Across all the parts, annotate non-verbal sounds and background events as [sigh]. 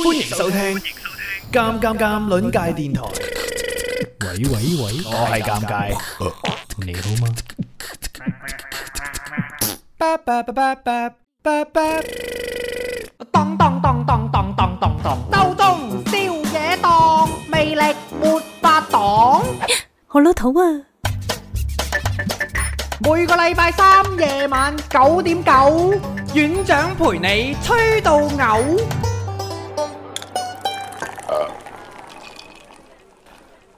歡迎收聽《尷尷尷》鄰界電台。喂喂喂，我係尷尬。你好嗎？當當當當當當當當，當當宵夜檔，魅力冇法擋。好老土啊！每個禮拜三夜晚九點九，院長陪你吹到嘔。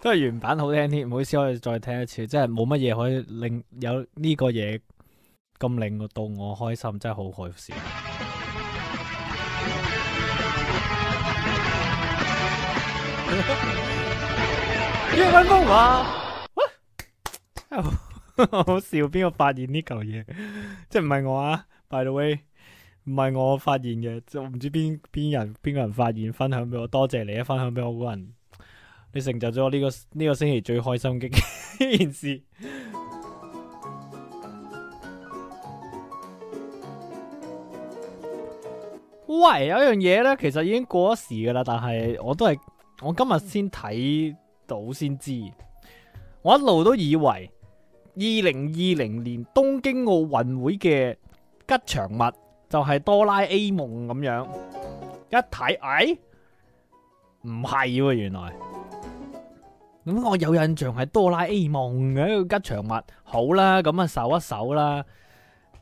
都係原版好聽啲，唔好意思可以再聽一次，即係冇乜嘢可以令有呢個嘢咁令到我開心，真係好開心。英文歌啊！好笑，邊個發現呢嚿嘢？即係唔係我啊？By the way，唔係我發現嘅，就唔知邊邊人邊個人發現，分享俾我，多謝你啊！分享俾我嗰人。你成就咗我呢個呢個星期最開心嘅一件事。喂，有一樣嘢呢，其實已經過咗時噶啦，但係我都係我今日先睇到先知。我一路都以為二零二零年東京奧運會嘅吉祥物就係哆啦 A 夢咁樣，一睇哎，唔係，原來。咁、嗯、我有印象係哆啦 A 夢嘅吉祥物，好啦，咁啊搜一搜啦，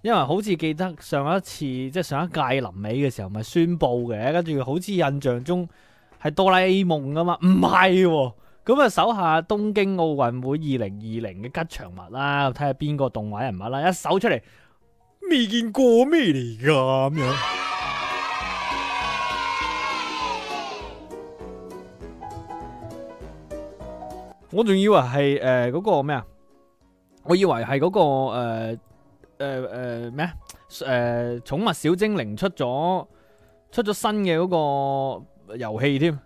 因為好似記得上一次即係、就是、上一屆臨尾嘅時候，咪宣布嘅，跟住好似印象中係哆啦 A 夢噶嘛，唔係，咁啊搜下東京奧運會二零二零嘅吉祥物啦，睇下邊個動畫人物啦，一搜出嚟未見過咩嚟噶咁樣。我仲以為係誒嗰個咩啊？我以為係嗰個誒誒誒咩啊？誒，寵物小精靈出咗出咗新嘅嗰個遊戲添，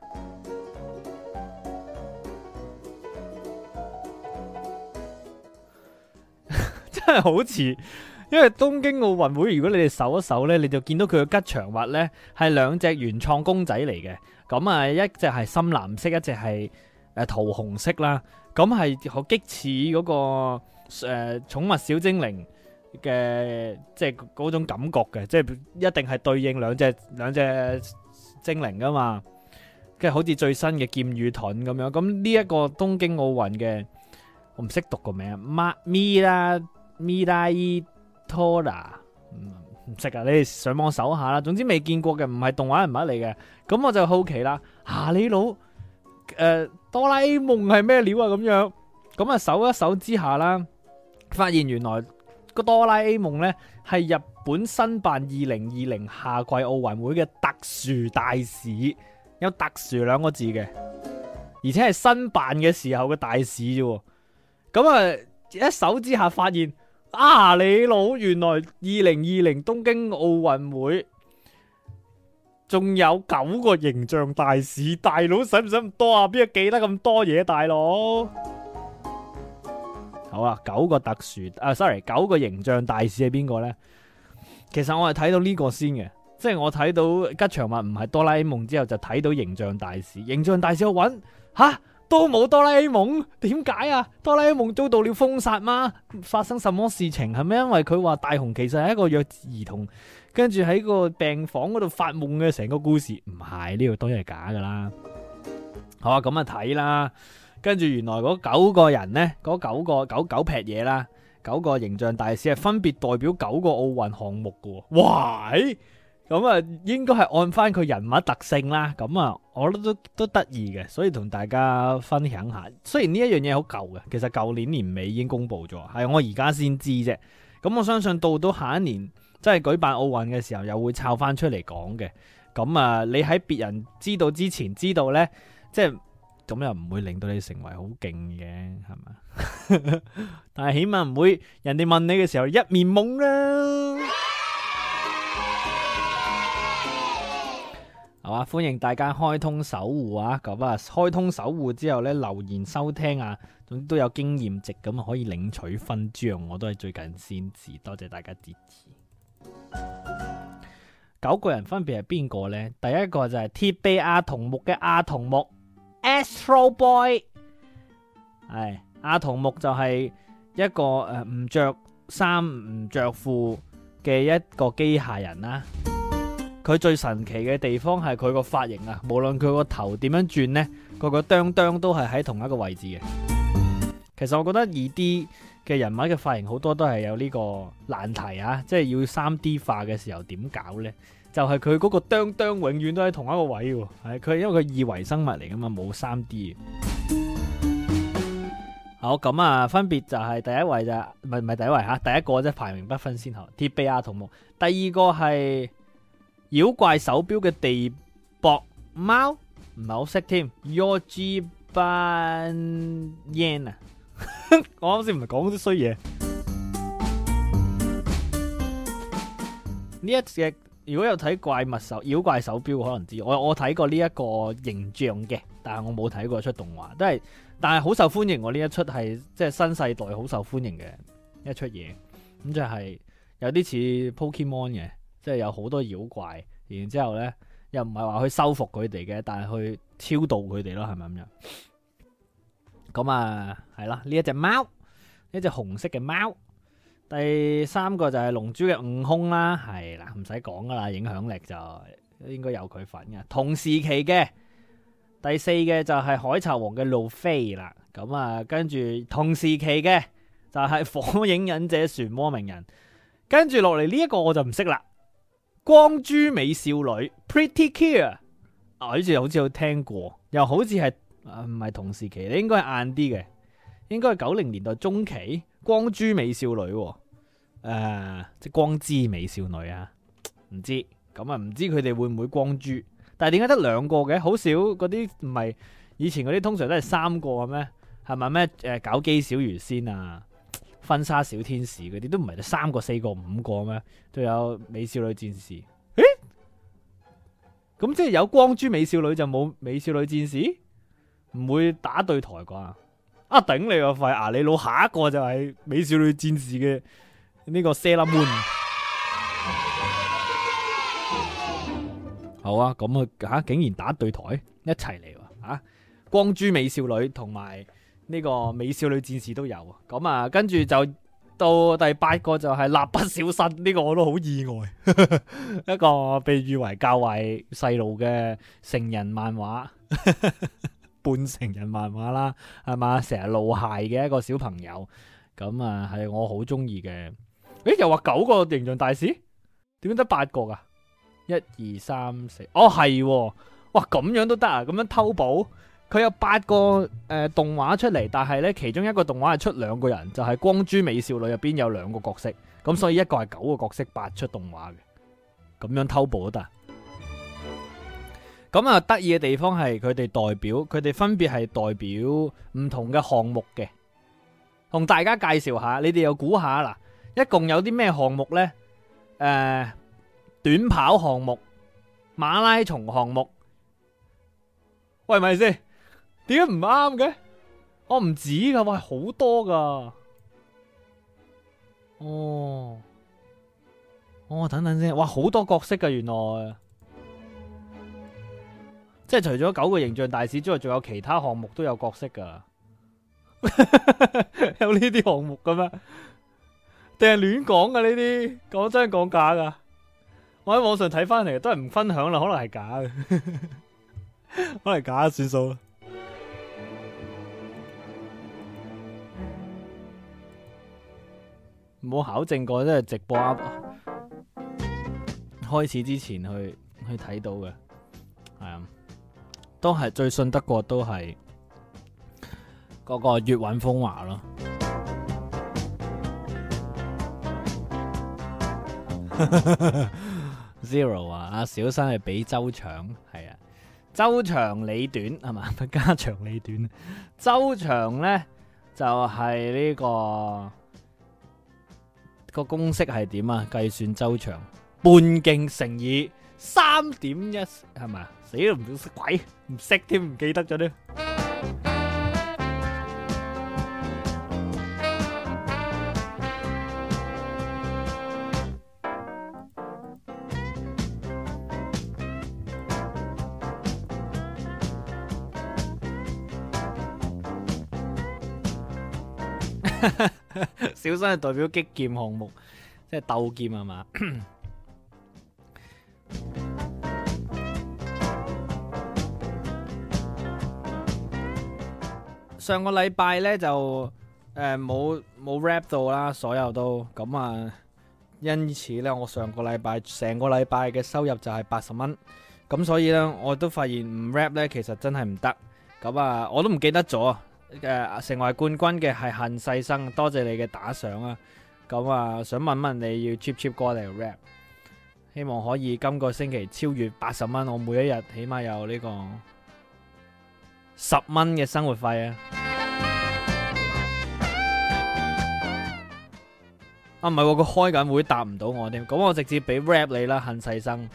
真係好似。因為東京奧運會，如果你哋搜一搜呢，你就見到佢嘅吉祥物呢係兩隻原創公仔嚟嘅。咁啊，一隻係深藍色，一隻係。誒、啊、桃紅色啦，咁係好激似嗰、那個誒、呃、寵物小精靈嘅，即係嗰種感覺嘅，即係一定係對應兩隻兩隻精靈噶嘛，即係好似最新嘅劍與盾咁樣。咁呢一個東京奧運嘅，我唔識讀個名，m m i i 啦米拉米拉伊托娜，唔識、嗯、啊！你哋上網搜下啦。總之未見過嘅，唔係動畫人物嚟嘅，咁我就好奇啦。嚇、啊、你老～誒、呃，哆啦 A 夢係咩料啊？咁樣咁啊，就搜一搜之下啦，發現原來個哆啦 A 夢呢係日本申辦二零二零夏季奧運會嘅特殊大使，有特殊兩個字嘅，而且係申辦嘅時候嘅大使啫。咁啊，一搜之下發現啊，你老原來二零二零東京奧運會。仲有九個形象大使，大佬使唔使咁多啊？邊個記得咁多嘢，大佬？好啊，九個特殊啊，sorry，九個形象大使係邊個呢？其實我係睇到呢個先嘅，即係我睇到吉祥物唔係哆啦 A 夢之後，就睇到形象大使。形象大使我揾？吓、啊、都冇哆啦 A 夢，點解啊？哆啦 A 夢遭到了封殺嗎？發生什麼事情，係咪因為佢話大雄其實係一個弱智兒童？跟住喺個病房嗰度發夢嘅成個故事唔係呢個當然係假噶啦，好啊咁啊睇啦，跟住原來嗰九個人呢，嗰九個九九劈嘢啦，九個形象大使係分別代表九個奧運項目噶喎，哇！咁、哎、啊、嗯、應該係按翻佢人物特性啦，咁、嗯、啊我覺得都都都得意嘅，所以同大家分享下。雖然呢一樣嘢好舊嘅，其實舊年年尾已經公布咗，係我而家先知啫。咁、嗯、我相信到到下一年。即係舉辦奧運嘅時候，又會抄翻出嚟講嘅。咁啊，你喺別人知道之前知道呢，即係咁又唔會令到你成為好勁嘅，係嘛？ [laughs] 但係起碼唔會人哋問你嘅時候一面懵啦。係嘛、啊？歡迎大家開通守護啊！咁啊，開通守護之後呢，留言收聽啊，總之都有經驗值咁可以領取勳章。我都係最近先至，多謝大家支持。九個人分別係邊個呢？第一個就係鐵臂阿童木嘅阿童木 Astro Boy，係、哎、阿童木就係一個誒唔着衫唔着褲嘅一個機械人啦、啊。佢最神奇嘅地方係佢個髮型啊，無論佢個頭點樣轉呢，個個哚哚都係喺同一個位置嘅。其實我覺得二 D。嘅人物嘅髮型好多都係有呢個難題啊！即係要三 D 化嘅時候點搞咧？就係佢嗰個當當永遠都喺同一個位喎、啊。佢因為佢二維生物嚟噶嘛，冇三 D。好，咁啊，分別就係第一位就唔係唔係第一位嚇、啊，第一個啫，排名不分先後，鐵臂阿童木。第二個係妖怪手錶嘅地縛貓，唔係好識添，Jibanyan 啊！ [laughs] 我啱先唔係講啲衰嘢，呢 [music] 一隻如果有睇怪物手妖怪手表可能知，我我睇過呢一個形象嘅，但係我冇睇過一出動畫，都係但係好受歡迎。我呢一出係即係新世代好受歡迎嘅一出嘢，咁就係有啲似 Pokemon 嘅，即係有好多妖怪，然之後咧又唔係話去收服佢哋嘅，但係去超渡佢哋咯，係咪咁樣？咁啊，係啦，呢一隻貓，呢隻紅色嘅貓。第三個就係龍珠嘅悟空啦，係啦，唔使講噶啦，影響力就應該有佢份嘅。同時期嘅第四嘅就係海賊王嘅路飛啦。咁啊，跟住同時期嘅就係、是、火影忍者漩渦鳴人。跟住落嚟，呢一個我就唔識啦，光珠美少女 Pretty Cure 啊，好似好似有聽過，又好似係。啊、呃，唔係同時期，你應該係晏啲嘅，應該係九零年代中期光珠美少女、哦，誒、呃，即光之美少女啊，唔知道，咁啊唔知佢哋會唔會光珠，但係點解得兩個嘅，好少嗰啲唔係以前嗰啲通常都係三個嘅咩，係咪咩誒搞基小魚仙啊，婚紗小天使嗰啲都唔係三個四個五個咩、啊，都有美少女戰士，誒，咁即係有光珠美少女就冇美少女戰士？唔會打對台啩？啊頂你個、啊、肺啊！你老下一個就係美少女戰士嘅呢個《Sailor Moon》好啊，咁啊吓竟然打對台，一齊嚟啊！光珠美少女同埋呢個美少女戰士都有、啊，咁啊跟住就到第八個就係《蠟筆小新》這，呢個我都好意外呵呵，一個被譽為教壞細路嘅成人漫畫。 [laughs] 半成人漫畫啦，係嘛？成日露鞋嘅一個小朋友，咁啊係我好中意嘅。誒，又話九個形象大使？點解得八個噶？一二三四，哦係，哇咁樣都得啊？咁樣偷保，佢有八個誒、呃、動畫出嚟，但係呢，其中一個動畫係出兩個人，就係、是、光珠美少女入邊有兩個角色，咁所以一個係九個角色八出動畫嘅，咁樣偷保都得。咁啊！得意嘅地方係佢哋代表，佢哋分別係代表唔同嘅項目嘅，同大家介紹下。你哋又估下嗱，一共有啲咩項目呢？誒，短跑項目、馬拉松項目，喂，咪先？點解唔啱嘅？我唔止噶，喂好多噶。哦，哦，等等先，哇，好多角色噶，原來。即係除咗九個形象大使之外，仲有其他項目都有角色噶， [laughs] 有呢啲項目噶咩？定係亂講噶呢啲？講真講假噶我喺網上睇返嚟都係唔分享啦，可能係假嘅， [laughs] 可能假的 [laughs] 算數。冇 [music] 考證過，真係直播、啊、開始之前去去睇到嘅，係啊。都係最信得過，都係嗰個粵韻風華咯。 [music] [music] Zero 啊，阿小生係俾周長係啊，周長裏短係嘛？家長裏短。周長咧就係、是、呢、這個個公式係點啊？計算周長，半徑乘以三點一係咪？死都唔識鬼，唔識添，唔記得咗添。小心係代表擊劍項目，即係鬥劍係嘛？上個禮拜呢就，誒，冇冇 rap 到啦，所有都咁啊，因此呢我上個禮拜成個禮拜嘅收入就係八十蚊，咁所以呢我都發現唔 rap 呢其實真係唔得，咁啊我都唔記得咗，誒，成為冠軍嘅係恨世生，多謝你嘅打賞啊，咁啊想問問你要 cheap cheap 歌嚟 ,rap，希望可以今個星期超越八十蚊，我每一日起碼有呢個。十蚊嘅生活費啊，啊！啊唔係，佢、啊、開緊會答唔到我添。咁我直接俾 rap 你啦，恨世生。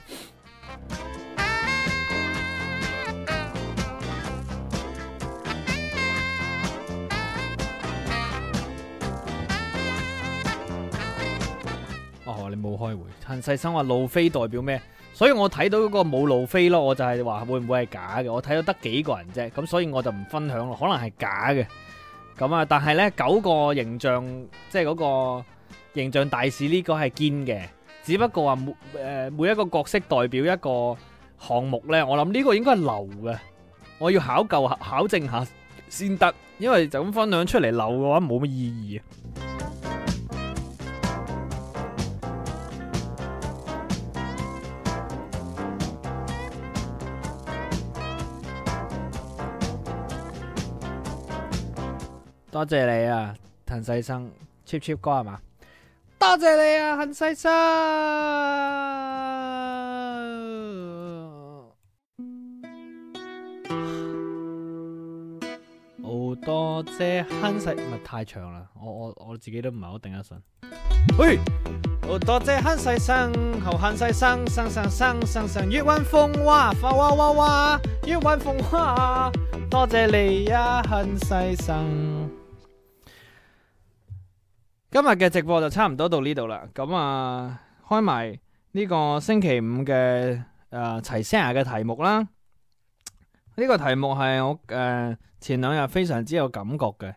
哦、啊，你冇開會，恨世生話、啊、路飛代表咩？所以我睇到嗰個冇路飛咯，我就係話會唔會係假嘅？我睇到得幾個人啫，咁所以我就唔分享咯，可能係假嘅。咁啊，但係呢九個形象，即係嗰個形象大使呢個係堅嘅。只不過話每誒每一個角色代表一個項目呢，我諗呢個應該係流嘅。我要考究下考證下先得，因為就咁分享出嚟流嘅話冇乜意義。多謝你啊，陳細生，切切歌係嘛？多謝你啊，陳細生。好多謝陳細，咪太長啦。我我我自己都唔係好定得順。喂，好多謝陳細生，後陳細生生生生生，越溫風花花花花花，越溫風花。多謝你啊，陳細生。今日嘅直播就差唔多到呢度啦，咁啊開埋呢個星期五嘅誒齊 Sir 嘅題目啦。呢、這個題目係我誒、呃、前兩日非常之有感覺嘅，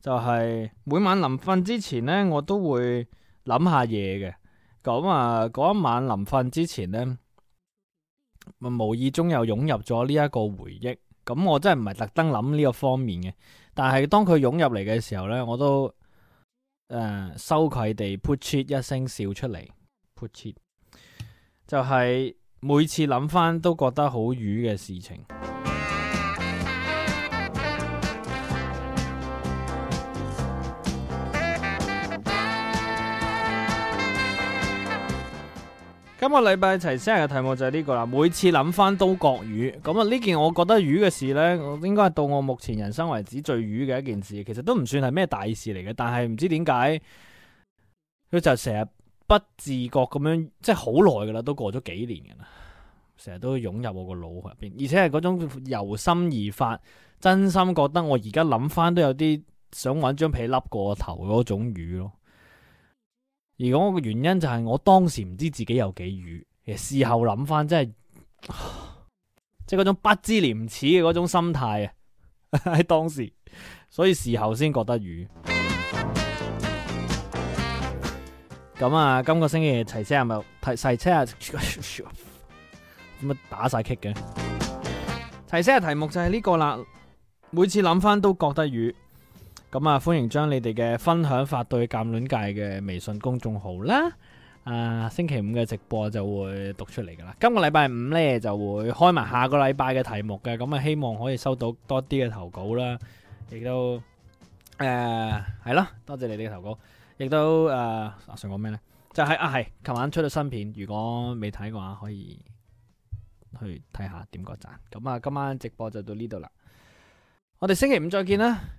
就係、是、每晚臨瞓之前呢，我都會諗下嘢嘅。咁啊嗰一晚臨瞓之前呢，唔無意中又湧入咗呢一個回憶。咁我真係唔係特登諗呢個方面嘅，但係當佢湧入嚟嘅時候呢，我都。誒，收佢哋噗嗤一聲笑出嚟，噗嗤，就係每次諗返都覺得好瘀嘅事情。今日禮拜齊先嘅題目就係呢個啦，每次諗翻都國語咁啊！呢件我覺得魚嘅事呢，我應該係到我目前人生為止最魚嘅一件事，其實都唔算係咩大事嚟嘅，但係唔知點解佢就成日不自覺咁樣，即係好耐噶啦，都過咗幾年噶啦，成日都湧入我個腦入邊，而且係嗰種由心而發，真心覺得我而家諗翻都有啲想搵張被笠過頭嗰種魚咯。如果個原因就係我當時唔知自己有幾魚，其實事後諗返真係，即係嗰種不知廉恥嘅嗰種心態啊！喺 [laughs] 當時，所以事後先覺得魚。咁 [music] 啊，今個星期齊聲啊，咪齊齊啊，咁啊打晒棘嘅。齊聲嘅 [laughs] 題目就係呢個啦，每次諗返都覺得魚。咁啊，歡迎將你哋嘅分享發對鑒戀界嘅微信公眾號啦。啊，星期五嘅直播就會讀出嚟噶啦。今個禮拜五呢，就會開埋下個禮拜嘅題目嘅。咁啊，希望可以收到多啲嘅投稿啦。亦都誒，係、啊、咯，多謝你哋嘅投稿。亦都誒、啊，想講咩呢？就係、是、啊，係琴晚出咗新片，如果未睇嘅話，可以去睇下點，點個讚。咁啊，今晚直播就到呢度啦。我哋星期五再見啦。嗯